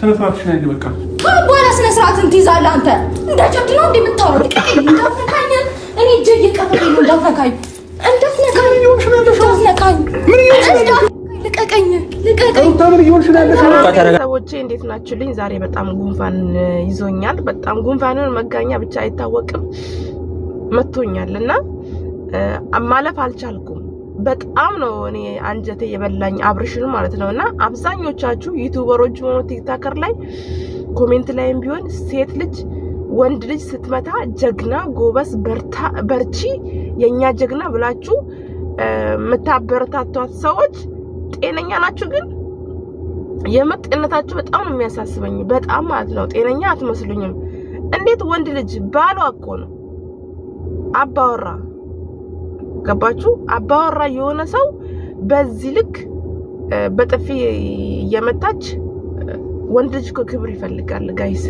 ስነ ስርዓትሽን በቃ በኋላ ስነ ስርዓትን ትይዛለህ አንተ። እንደ ጀብድ ነው እንዳትነካኝ፣ እኔ እጄ ነው። እንዳትነካኝ፣ እንዳትነካኝ፣ እንዳትነካኝ። ሰዎቼ እንዴት ናችሁልኝ? ዛሬ በጣም ጉንፋን ይዞኛል። በጣም ጉንፋንን መጋኛ ብቻ አይታወቅም መቶኛል እና ማለፍ አልቻልኩም በጣም ነው እኔ አንጀቴ የበላኝ አብርሽን ማለት ነው። እና አብዛኞቻችሁ ዩቱበሮች ሆኖ ቲክታከር ላይ ኮሜንት ላይም ቢሆን ሴት ልጅ ወንድ ልጅ ስትመታ ጀግና፣ ጎበዝ፣ በርታ፣ በርቺ፣ የእኛ ጀግና ብላችሁ የምታበረታቷት ሰዎች ጤነኛ ናችሁ? ግን የምር ጤንነታችሁ በጣም ነው የሚያሳስበኝ። በጣም ማለት ነው ጤነኛ አትመስሉኝም። እንዴት ወንድ ልጅ ባሏ እኮ ነው አባወራ ገባችሁ? አባወራ የሆነ ሰው በዚህ ልክ በጥፊ የመታች ወንድ ልጅ ክብር ይፈልጋል ጋይስ።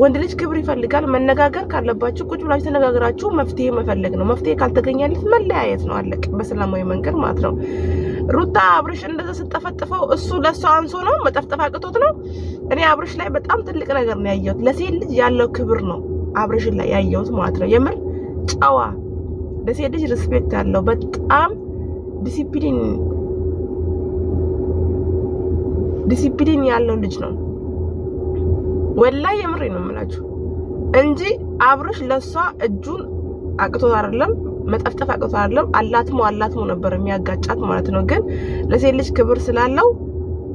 ወንድ ልጅ ክብር ይፈልጋል። መነጋገር ካለባችሁ ቁጭ ብላችሁ ተነጋግራችሁ መፍትሄ መፈለግ ነው። መፍትሄ ካልተገኘለት መለያየት ነው። አለቅ በሰላማዊ መንገድ ማለት ነው። ሩታ አብርሽ እንደዛ ስጠፈጥፈው እሱ ለእሱ አንሶ ነው መጠፍጠፍ አቅቶት ነው። እኔ አብርሽ ላይ በጣም ትልቅ ነገር ነው ያየሁት። ለሴት ልጅ ያለው ክብር ነው አብርሽን ላይ ያየሁት ማለት ነው። የምር ጨዋ ለሴት ልጅ ሪስፔክት አለው። በጣም ዲሲፕሊን ዲሲፕሊን ያለው ልጅ ነው። ወላይ የምሬ ነው የምላችሁ እንጂ አብርሽ ለሷ እጁን አቅቶት አይደለም መጠፍጠፍ አቅቶት አይደለም። አላትሞ አላትሞ ነበር የሚያጋጫት ማለት ነው። ግን ለሴት ልጅ ክብር ስላለው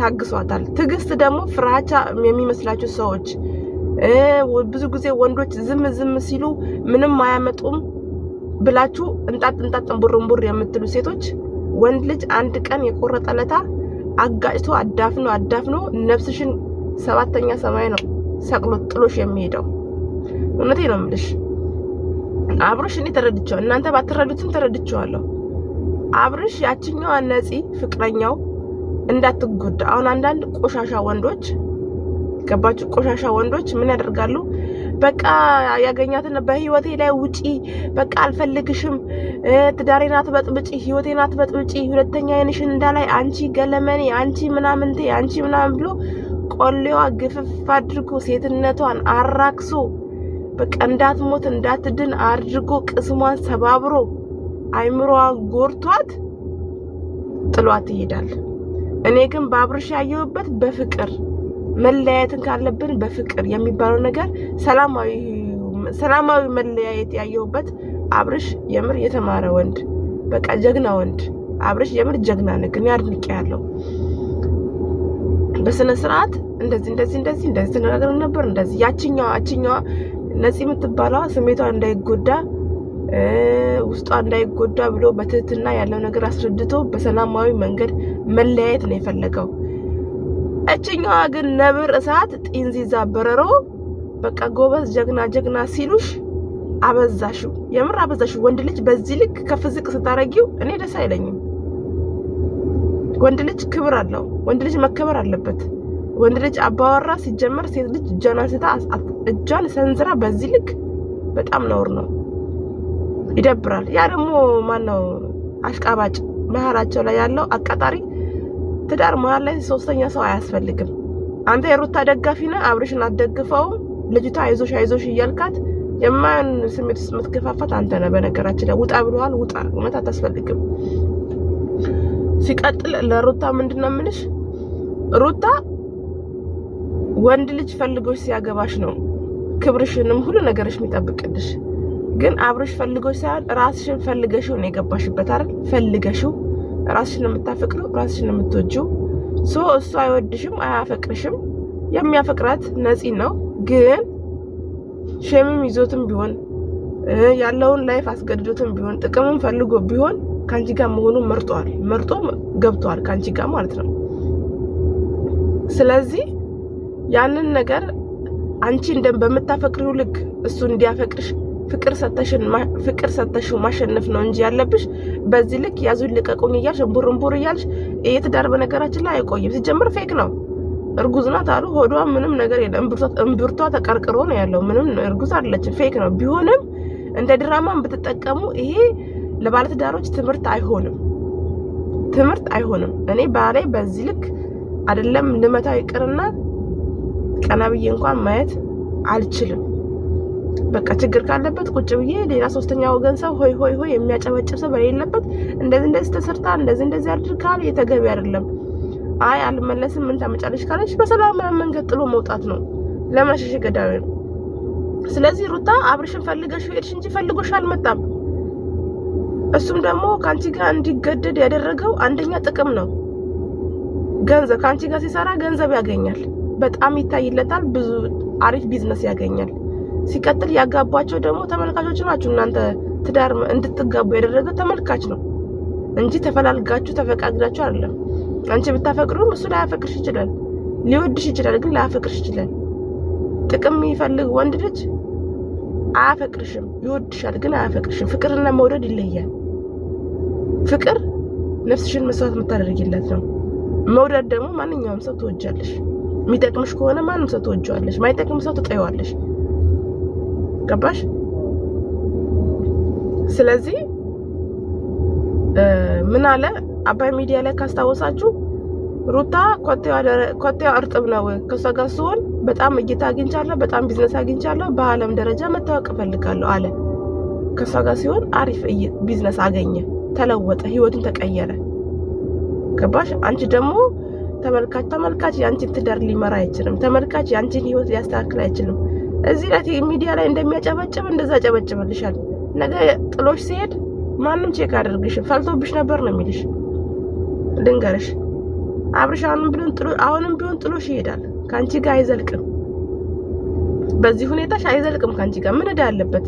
ታግሷታል። ትዕግስት ደግሞ ፍራቻ የሚመስላችሁ ሰዎች ብዙ ጊዜ ወንዶች ዝም ዝም ሲሉ ምንም አያመጡም ብላችሁ እንጣጥ እንጣጥ እምቡር እምቡር የምትሉ ሴቶች ወንድ ልጅ አንድ ቀን የቆረጠ ለታ አጋጭቶ አዳፍኖ አዳፍኖ ነፍስሽን ሰባተኛ ሰማይ ነው ሰቅሎ ጥሎሽ የሚሄደው። እውነቴ ነው የምልሽ አብርሽ፣ እኔ ተረድቼዋለሁ። እናንተ ባትረዱትም ተረድቼዋለሁ። አብርሽ ያችኛዋ ነፂ ፍቅረኛው እንዳትጎዳ። አሁን አንዳንድ ቆሻሻ ወንዶች ገባችሁ? ቆሻሻ ወንዶች ምን ያደርጋሉ? በቃ ያገኛትን በህይወቴ ላይ ውጪ፣ በቃ አልፈልግሽም፣ ትዳሬን አትበጥብጪ፣ ህይወቴን አትበጥብጪ፣ ሁለተኛ አይንሽን እንዳላይ አንቺ ገለመኔ፣ አንቺ ምናምንቴ፣ አንቺ ምናምን ብሎ ቆሌዋ ግፍፍ አድርጎ ሴትነቷን አራክሶ በቃ እንዳትሞት እንዳትድን አድርጎ ቅስሟን ሰባብሮ አይምሮዋን ጎርቷት ጥሏት ይሄዳል። እኔ ግን ባብርሽ ያየሁበት በፍቅር መለያየትን ካለብን በፍቅር የሚባለው ነገር ሰላማዊ መለያየት ያየሁበት አብርሽ የምር የተማረ ወንድ በቃ ጀግና ወንድ አብርሽ የምር ጀግና ነህ። እኔ አድንቄ ያለው በስነ ስርዓት እንደዚህ እንደዚህ እንደዚህ እንደዚህ ተነጋግረን ነበር እንደዚህ ያችኛዋ ያችኛዋ ነፂ የምትባለዋ ስሜቷ እንዳይጎዳ ውስጧ እንዳይጎዳ ብሎ በትህትና ያለው ነገር አስረድቶ በሰላማዊ መንገድ መለያየት ነው የፈለገው። እችኛዋ ግን ነብር እሳት ጢንዚዛ በረሮ በቃ ጎበዝ ጀግና ጀግና ሲሉሽ አበዛሽው። የምር አበዛሽው። ወንድ ልጅ በዚህ ልክ ከፍዝቅ ስታረጊው እኔ ደስ አይለኝም። ወንድ ልጅ ክብር አለው። ወንድ ልጅ መከበር አለበት። ወንድ ልጅ አባወራ ሲጀመር፣ ሴት ልጅ እጇን አንስታ እጇን ሰንዝራ በዚህ ልክ በጣም ነውር ነው። ይደብራል። ያ ደግሞ ማነው አሽቃባጭ መሀላቸው ላይ ያለው አቀጣሪ ትዳር መሀል ላይ ሶስተኛ ሰው አያስፈልግም። አንተ የሩታ ደጋፊ ነህ፣ አብርሽን አትደግፈውም። ልጅቷ አይዞሽ አይዞሽ እያልካት የማን ስሜት ውስጥ የምትገፋፋት አንተ ነህ። በነገራችን ላይ ውጣ ብለዋል፣ ውጣ። እውነት አታስፈልግም። ሲቀጥል ለሩታ ምንድን ነው የምልሽ፣ ሩታ ወንድ ልጅ ፈልጎች ሲያገባሽ ነው ክብርሽንም ሁሉ ነገርሽ የሚጠብቅልሽ። ግን አብርሽ ፈልጎች ሳይሆን ራስሽን ፈልገሽው ነው የገባሽበት አይደል? ፈልገሽው ራስሽን ነው የምታፈቅረው፣ ራስሽን ነው የምትወጂው። ሶ እሱ አይወድሽም፣ አያፈቅርሽም። የሚያፈቅራት ነፂ ነው። ግን ሸምም ይዞትም ቢሆን ያለውን ላይፍ አስገድዶትም ቢሆን ጥቅምም ፈልጎ ቢሆን ከአንቺ ጋር መሆኑ መርጧል። መርጦ ገብቷል ከአንቺ ጋር ማለት ነው። ስለዚህ ያንን ነገር አንቺ እንደም በምታፈቅሪው ልክ እሱ እንዲያፈቅርሽ ፍቅር ሰተሽን ፍቅር ሰተሽው ማሸነፍ ነው እንጂ ያለብሽ በዚህ ልክ ያዙን ልቀቁኝ እያልሽ እምቡር እምቡር እያልሽ ትዳር በነገራችን ላይ አይቆይም። ሲጀምር ፌክ ነው። እርጉዝ ናት አሉ ሆዷ ምንም ነገር የለም። እምብርቷ ተቀርቅሮ ነው ያለው። ምንም እርጉዝ አይደለችም። ፌክ ነው። ቢሆንም እንደ ድራማን ብትጠቀሙ ይሄ ለባለትዳሮች ትምህርት አይሆንም። ትምህርት አይሆንም። እኔ ባሌ በዚህ ልክ አይደለም ልመታው ይቅርና ቀና ብዬ እንኳን ማየት አልችልም። በቃ ችግር ካለበት ቁጭ ብዬ ሌላ ሶስተኛ ወገን ሰው ሆይ ሆይ ሆይ የሚያጨበጭብ ሰው በሌለበት እንደዚህ እንደዚህ ተሰርታ እንደዚህ እንደዚህ አድርግ የተገቢ አይደለም። አይ አልመለስም፣ ምን ታመጫለች ካለች በሰላም መንገድ ጥሎ መውጣት ነው፣ ለመሸሽ ገዳዊ ነው። ስለዚህ ሩታ አብርሽን ፈልገሽ ሄድሽ እንጂ ፈልጎሽ አልመጣም። እሱም ደግሞ ከአንቺ ጋር እንዲገደድ ያደረገው አንደኛ ጥቅም ነው፣ ገንዘብ ከአንቺ ጋር ሲሰራ ገንዘብ ያገኛል፣ በጣም ይታይለታል፣ ብዙ አሪፍ ቢዝነስ ያገኛል። ሲቀጥል ያጋቧቸው ደግሞ ተመልካቾች ናችሁ። እናንተ ትዳር እንድትጋቡ ያደረገ ተመልካች ነው እንጂ ተፈላልጋችሁ ተፈቃግዳችሁ አይደለም። አንቺ ብታፈቅሩም እሱ ላያፈቅርሽ ይችላል። ሊወድሽ ይችላል፣ ግን ላያፈቅርሽ ይችላል። ጥቅም የሚፈልግ ወንድ ልጅ አያፈቅርሽም። ይወድሻል፣ ግን አያፈቅርሽም። ፍቅርና መውደድ ይለያል። ፍቅር ነፍስሽን መስዋዕት የምታደርጊለት ነው። መውደድ ደግሞ ማንኛውም ሰው ትወጃለሽ። የሚጠቅምሽ ከሆነ ማንም ሰው ትወጃዋለሽ፣ ማይጠቅም ሰው ትጠይዋለሽ። ገባሽ? ስለዚህ ምን አለ አባይ ሚዲያ ላይ ካስታወሳችሁ ሩታ ኮቴዋ እርጥብ ነው። ከእሷ ጋር ሲሆን በጣም እይታ አግኝቻለሁ፣ በጣም ቢዝነስ አግኝቻለሁ፣ በዓለም ደረጃ መታወቅ እፈልጋለሁ አለ። ከእሷ ጋር ሲሆን አሪፍ ቢዝነስ አገኘ፣ ተለወጠ፣ ህይወቱን ተቀየረ። ገባሽ? አንቺ ደግሞ ተመልካች ተመልካች የአንቺን ትዳር ሊመራ አይችልም። ተመልካች የአንቺን ህይወት ሊያስተካክል አይችልም። እዚህ ላይ ሚዲያ ላይ እንደሚያጨበጭብ እንደዛ ጨበጭብልሻል። ነገ ጥሎሽ ሲሄድ ማንም ቼክ አድርግሽ ፈልቶብሽ ነበር ነው የሚልሽ። ድንገርሽ አብርሽ አሁንም ቢሆን ጥሎ አሁንም ቢሆን ጥሎሽ ይሄዳል። ከአንቺ ጋር አይዘልቅም። በዚህ ሁኔታሽ አይዘልቅም ከአንቺ ጋር ምን እዳ አለበት?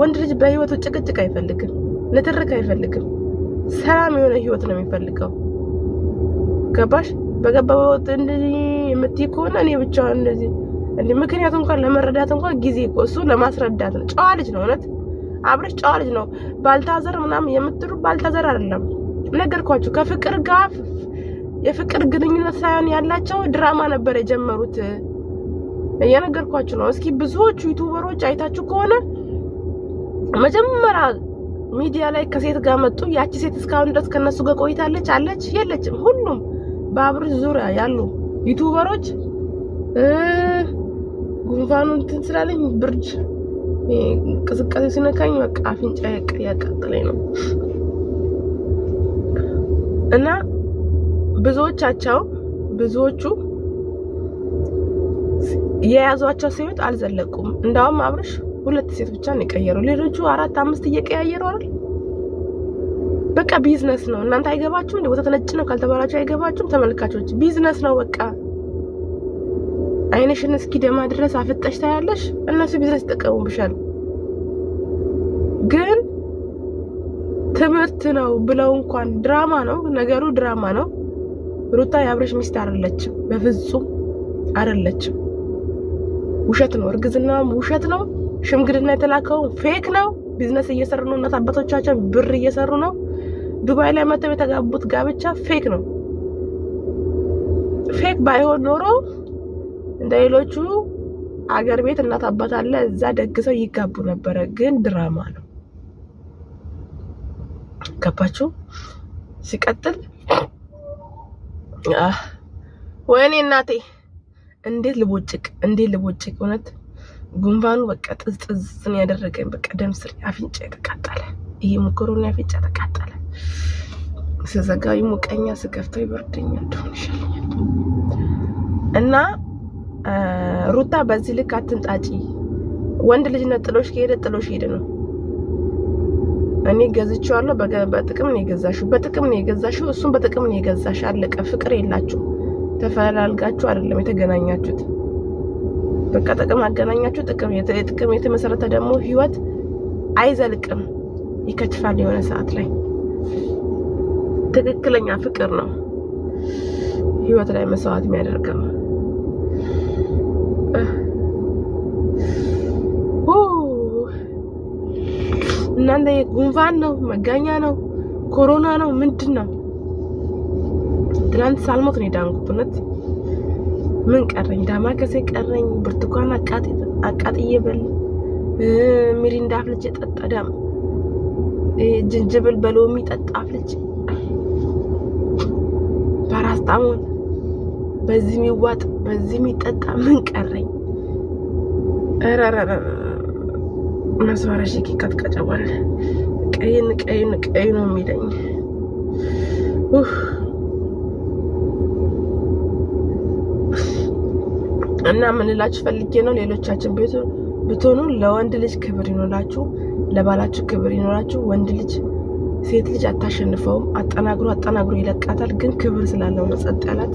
ወንድ ልጅ በህይወቱ ጭቅጭቅ አይፈልግም፣ ንትርክ አይፈልግም። ሰላም የሆነ ህይወት ነው የሚፈልገው። ገባሽ? በገባ እንደዚህ የምትይ ከሆነ እኔ ብቻዋን እንደዚህ እንዴ ምክንያቱ እንኳን ለመረዳት እንኳን ጊዜ እኮ እሱ ለማስረዳት ነው። ጨዋ ልጅ ነው እውነት አብረሽ ጨዋ ልጅ ነው። ባልታዘር ምናምን የምትሉ ባልታዘር አይደለም። ነገርኳችሁ ከፍቅር ጋር የፍቅር ግንኙነት ሳይሆን ያላቸው ድራማ ነበር የጀመሩት። እየነገርኳችሁ ነው። እስኪ ብዙዎቹ ዩቱበሮች አይታችሁ ከሆነ መጀመሪያ ሚዲያ ላይ ከሴት ጋር መጡ። ያቺ ሴት እስካሁን ድረስ ከነሱ ጋር ቆይታለች አለች የለችም። ሁሉም በአብርሽ ዙሪያ ያሉ ዩቱበሮች ጉንፋኑ እንትን ስላለኝ ብርድ እንቅስቃሴ ሲነካኝ በቃ አፍንጫ ያቃጥለኝ ነው እና ብዙዎቻቸው ብዙዎቹ የያዟቸው ሲሆን አልዘለቁም። እንዳውም አብርሽ ሁለት ሴት ብቻ ነው የቀየረው። ሌሎቹ አራት አምስት እየቀያየሩ አይደል? በቃ ቢዝነስ ነው። እናንተ አይገባችሁም? ወተት ነጭ ነው ካልተባላችሁ አይገባችሁም? ተመልካቾች ቢዝነስ ነው በቃ አይንሽን እስኪ ደማ ድረስ አፍጠሽ ታያለሽ። እነሱ ቢዝነስ ይጠቀሙብሻል። ግን ትምህርት ነው ብለው እንኳን ድራማ ነው ነገሩ፣ ድራማ ነው። ሩታ የአብረሽ ሚስት አይደለችም፣ በፍጹም አይደለችም። ውሸት ነው፣ እርግዝና ውሸት ነው። ሽምግልና የተላከው ፌክ ነው። ቢዝነስ እየሰሩ ነው። እናት አባቶቻቸውን ብር እየሰሩ ነው። ዱባይ ላይ መተው የተጋቡት ጋብቻ ፌክ ነው። ፌክ ባይሆን ኖሮ እንደ ሌሎቹ አገር ቤት እናት አባት አለ፣ እዛ ደግሰው ይጋቡ ነበረ። ግን ድራማ ነው። ገባችሁ? ሲቀጥል ወይኔ እናቴ እንዴት ልቦጭቅ እንዴት ልቦጭቅ! እውነት ጉንፋኑ በቃ ጥዝጥዝን ያደረገኝ በቃ ደም ስር አፍንጫ የተቃጠለ ይሄ ምክሩን አፍንጫ ተቃጠለ። ስዘጋው ሙቀኛ ስከፍተው ይበርደኛል። ደሆን ይሻለኛል እና ሩታ በዚህ ልክ አትንጣጪ። ወንድ ልጅነት ጥሎሽ ከሄደ ጥሎሽ ሄደ ነው። እኔ ገዝቼዋለሁ። በጥቅም ነው የገዛሽው፣ በጥቅም ነው የገዛሽው፣ እሱም በጥቅም ነው የገዛሽ። አለቀ። ፍቅር የላችሁ፣ ተፈላልጋችሁ አይደለም የተገናኛችሁት። በቃ ጥቅም አገናኛችሁ። ጥቅም የጥቅም የተመሰረተ ደግሞ ህይወት አይዘልቅም፣ ይከችፋል የሆነ ሰዓት ላይ። ትክክለኛ ፍቅር ነው ህይወት ላይ መስዋዕት የሚያደርገው። Uh. Uh. እናንተ ጉንፋን ነው፣ መጋኛ ነው፣ ኮሮና ነው፣ ምንድን ነው? ትናንት ሳልሞት ነው የዳንኩት። እውነት ምን ቀረኝ? ዳማከሴ ቀረኝ፣ ብርቱካን አቃጥዬ በል፣ ሚሪንዳ አፍልቼ ጠጣ፣ ዳም ጅንጅብል በሎሚ ጠጣ አፍልቼ፣ ፓራስታሞን በዚህ የሚዋጥ በዚህ የሚጠጣ ምን ቀረኝ? ረረረ መስዋራ ቀይን ቀይን ቀይ ነው የሚለኝ እና ምንላችሁ ፈልጌ ነው። ሌሎቻችን ብትሆኑ ለወንድ ልጅ ክብር ይኖራችሁ፣ ለባላችሁ ክብር ይኖራችሁ። ወንድ ልጅ ሴት ልጅ አታሸንፈውም። አጠናግሮ አጠናግሮ ይለቃታል። ግን ክብር ስላለው ነው ጸጥ ያላት።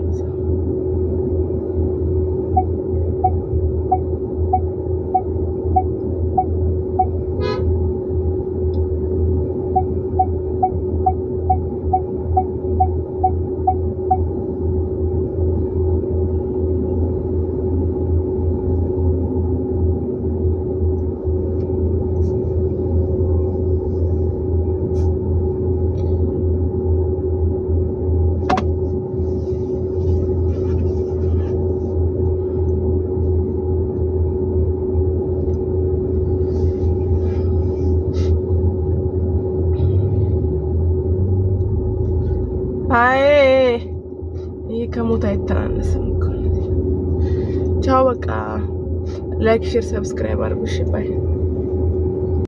በቃ ላይክ፣ ሼር፣ ሰብስክራይብ አድርጉ። እሺ ባይ